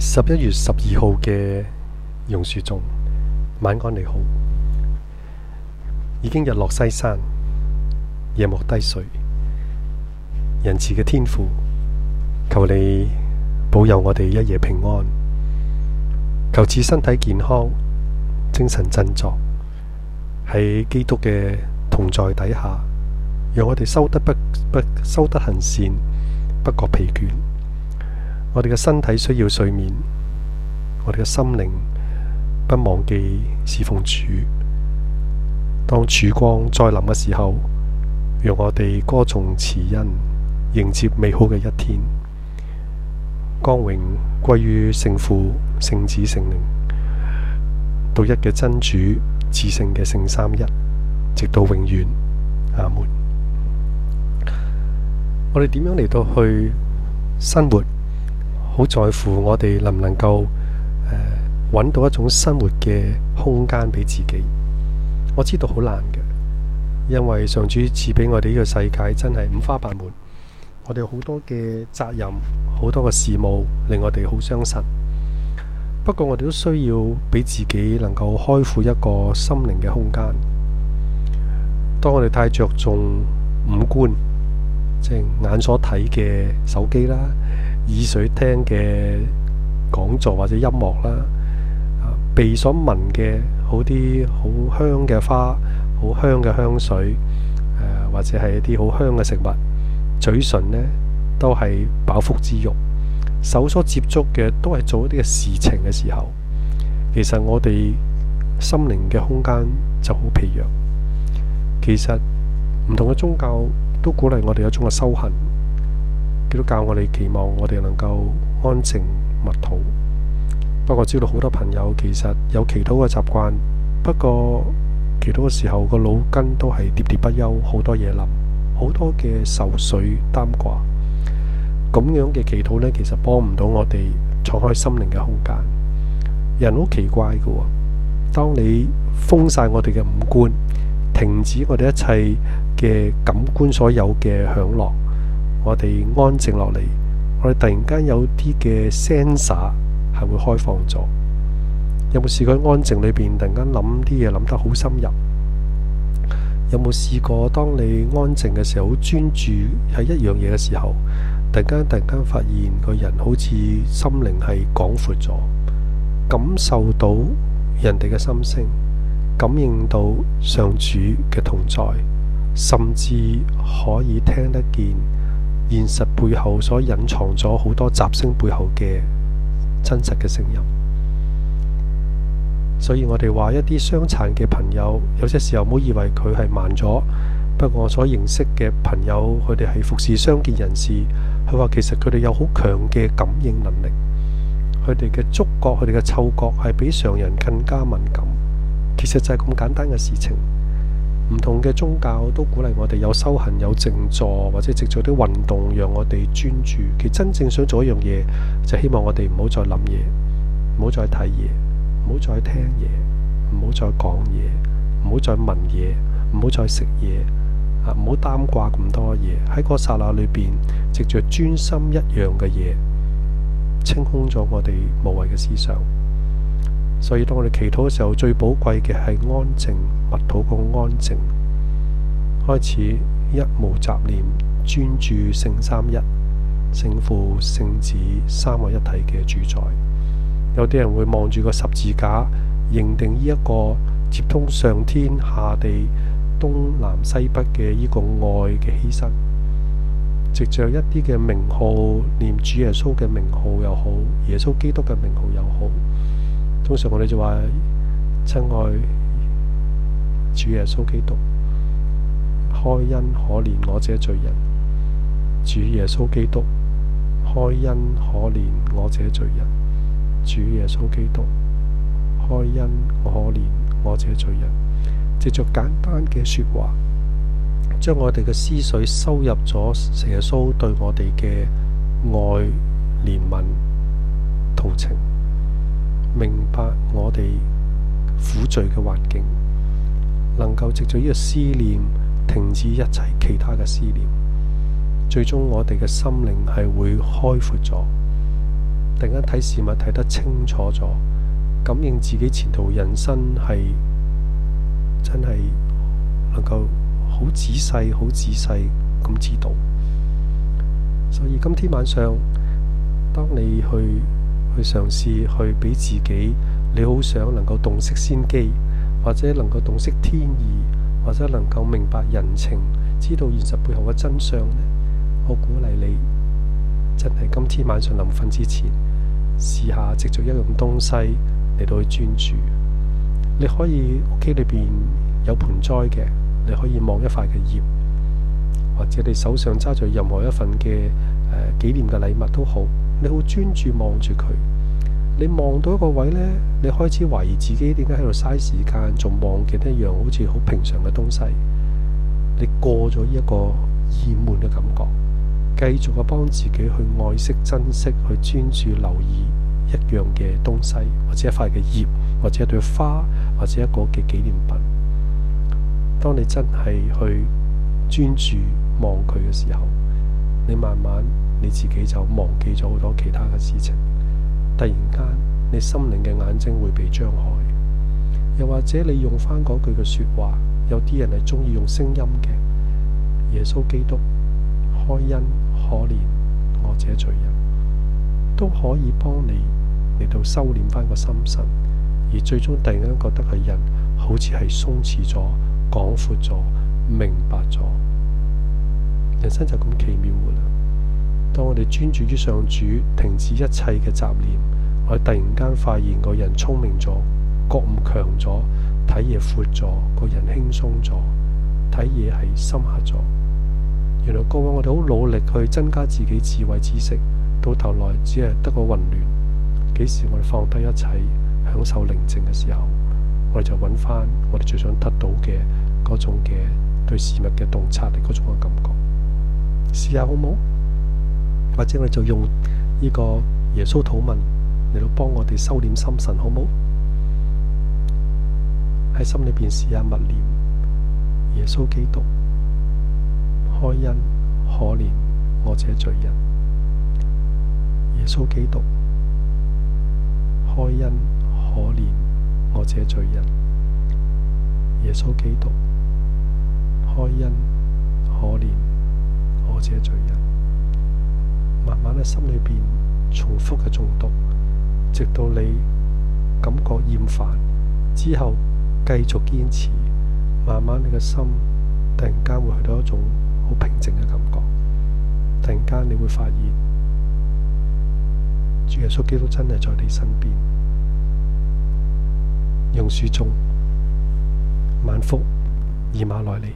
十一月十二號嘅榕樹中，晚安你好，已經日落西山，夜幕低垂，仁慈嘅天父，求你保佑我哋一夜平安，求賜身體健康，精神振作，喺基督嘅同在底下，讓我哋修德不不修德行善，不覺疲倦。我哋嘅身體需要睡眠，我哋嘅心靈不忘記侍奉主。當曙光再臨嘅時候，讓我哋歌頌慈恩，迎接美好嘅一天。光榮歸於聖父、聖子、聖靈。獨一嘅真主，至聖嘅聖三一，直到永遠。阿門。我哋點樣嚟到去生活？好在乎我哋能唔能夠呃、揾到一種生活嘅空間俾自己。我知道好難嘅，因為上主賜俾我哋呢個世界真係五花八門，我哋好多嘅責任，好多嘅事務令我哋好傷心。不過我哋都需要俾自己能夠開闊一個心靈嘅空間。當我哋太着重五官，即係眼所睇嘅手機啦。耳水聽嘅講座或者音樂啦，鼻所聞嘅好啲好香嘅花、好香嘅香水，呃、或者係一啲好香嘅食物，嘴唇呢都係飽腹之慾，手所接觸嘅都係做一啲嘅事情嘅時候，其實我哋心靈嘅空間就好疲弱。其實唔同嘅宗教都鼓勵我哋一種嘅修行。佢都教我哋期望我哋能夠安靜默禱。不過，知道好多朋友其實有祈禱嘅習慣，不過祈禱嘅時候個腦筋都係喋喋不休，好多嘢諗，好多嘅愁緒擔掛。咁樣嘅祈禱呢，其實幫唔到我哋敞開心靈嘅空間。人好奇怪嘅喎、哦，當你封晒我哋嘅五官，停止我哋一切嘅感官，所有嘅享樂。我哋安靜落嚟，我哋突然間有啲嘅 sensor 係會開放咗。有冇試過安靜裏邊突然間諗啲嘢諗得好深入？有冇試過當你安靜嘅時候，好專注喺一樣嘢嘅時候，突然間突然間發現個人好似心靈係廣闊咗，感受到人哋嘅心聲，感應到上主嘅同在，甚至可以聽得見。現實背後所隱藏咗好多雜聲背後嘅真實嘅聲音，所以我哋話一啲傷殘嘅朋友，有些時候唔好以為佢係慢咗。不過我所認識嘅朋友，佢哋係服侍傷健人士，佢話其實佢哋有好強嘅感應能力，佢哋嘅觸覺、佢哋嘅嗅覺係比常人更加敏感。其實就係咁簡單嘅事情。唔同嘅宗教都鼓勵我哋有修行，有靜、有靜坐或者直做啲運動，讓我哋專注。其實真正想做一樣嘢，就是、希望我哋唔好再諗嘢，唔好再睇嘢，唔好再聽嘢，唔好再講嘢，唔好再聞嘢，唔好再食嘢，唔好耽掛咁多嘢。喺嗰剎那裏邊，直着專心一樣嘅嘢，清空咗我哋無謂嘅思想。所以，當我哋祈禱嘅時候，最寶貴嘅係安靜，物土個安靜開始一無雜念，專注聖三一、聖父、聖子三位一體嘅主宰。有啲人會望住個十字架，認定呢一個接通上天下地東南西北嘅依個愛嘅犧牲，藉着一啲嘅名號，念主耶穌嘅名號又好，耶穌基督嘅名號又好。通常我哋就話：親愛主耶穌基督，開恩可憐我這罪人；主耶穌基督，開恩可憐我這罪人；主耶穌基督，開恩可憐我這罪人。借着簡單嘅説話，將我哋嘅思緒收入咗耶穌對我哋嘅愛、憐憫、同情。明白我哋苦罪嘅環境，能夠藉住呢個思念停止一切其他嘅思念，最終我哋嘅心靈係會開闊咗，突然間睇事物睇得清楚咗，感應自己前途人生係真係能夠好仔細、好仔細咁知道。所以今天晚上，當你去。去嘗試去俾自己，你好想能夠洞悉先機，或者能夠洞悉天意，或者能夠明白人情，知道現實背後嘅真相咧。我鼓勵你，真係今天晚上臨瞓之前，試下藉著一樣東西嚟到去專注。你可以屋企裏邊有盆栽嘅，你可以望一塊嘅葉，或者你手上揸住任何一份嘅誒、呃、紀念嘅禮物都好。你好專注望住佢，你望到一個位呢，你開始懷疑自己點解喺度嘥時間，仲望見一樣好似好平常嘅東西。你過咗一個厭悶嘅感覺，繼續去幫自己去愛惜、珍惜、去專注留意一樣嘅東西，或者一塊嘅葉，或者一朵花，或者一個嘅紀念品。當你真係去專注望佢嘅時候，你慢慢。你自己就忘記咗好多其他嘅事情，突然間你心靈嘅眼睛會被張開，又或者你用翻嗰句嘅説話，有啲人係中意用聲音嘅，耶穌基督開恩，可憐我這罪人，都可以幫你嚟到收斂翻個心神，而最終突然間覺得係人好似係鬆弛咗、廣闊咗、明白咗，人生就咁奇妙㗎啦～當我哋專注於上主，停止一切嘅雜念，我哋突然間發現個人聰明咗，覺悟強咗，睇嘢闊咗，個人輕鬆咗，睇嘢係深刻咗。原來過往我哋好努力去增加自己智慧知識，到頭來只係得個混亂。幾時我哋放低一切，享受寧靜嘅時候，我哋就揾翻我哋最想得到嘅嗰種嘅對事物嘅洞察力嗰種嘅感覺。試下好冇？或者你就用呢個耶穌禱文嚟到幫我哋收斂心神，好冇？喺心裏邊試下默念耶穌基督開恩可憐我這罪人，耶穌基督開恩可憐我這罪人，耶穌基督開恩可憐我這罪人。慢慢喺心裏邊重複嘅誦讀，直到你感覺厭煩之後，繼續堅持。慢慢你嘅心突然間會去到一種好平靜嘅感覺。突然間你會發現，主耶穌基督真係在你身邊。用書中，萬福，以馬內利。